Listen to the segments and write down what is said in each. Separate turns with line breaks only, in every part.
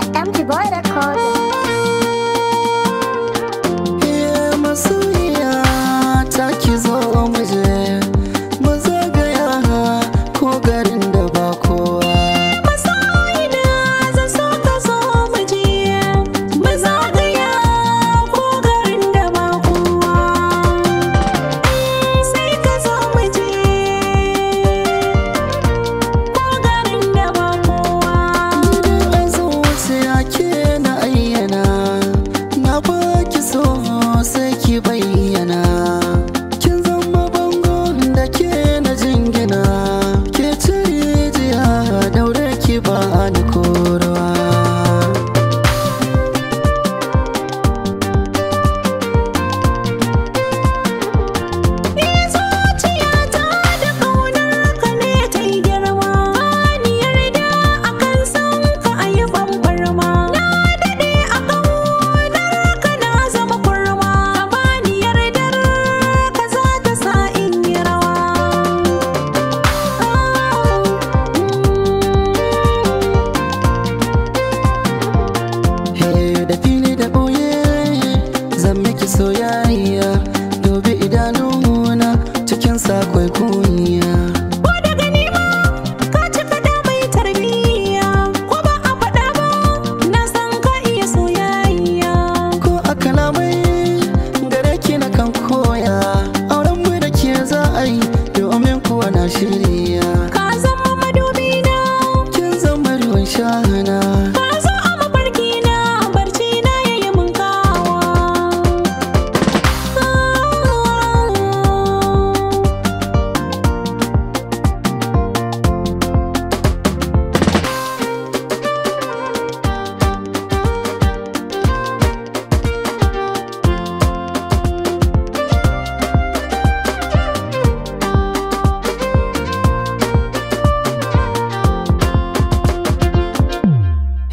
the de bora, Rosa. iya Dobi idanuna cikin sakwai kunya Ko da gani ma ka cika da mai tarbiyya Ko ba a faɗa ba na san ka iya soyayya Ko a kalamai gare ki na kan koya Auren mu da ke za a yi domin kuwa na shirya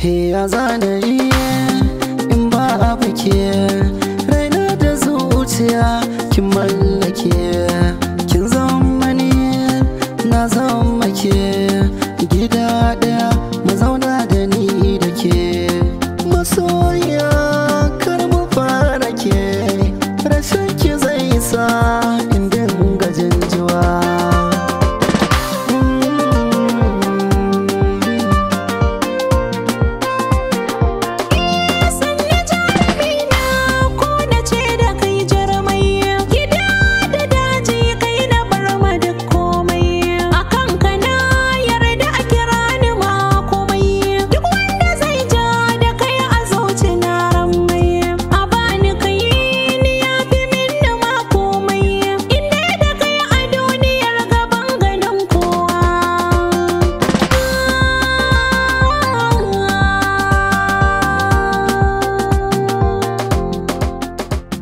he ya zanari in ba a fike raina da zuciya kin mallake kin zama ni na zama ke gida daya mazauna da ni da ke masoya kar mu fara ke rashin ki zai sa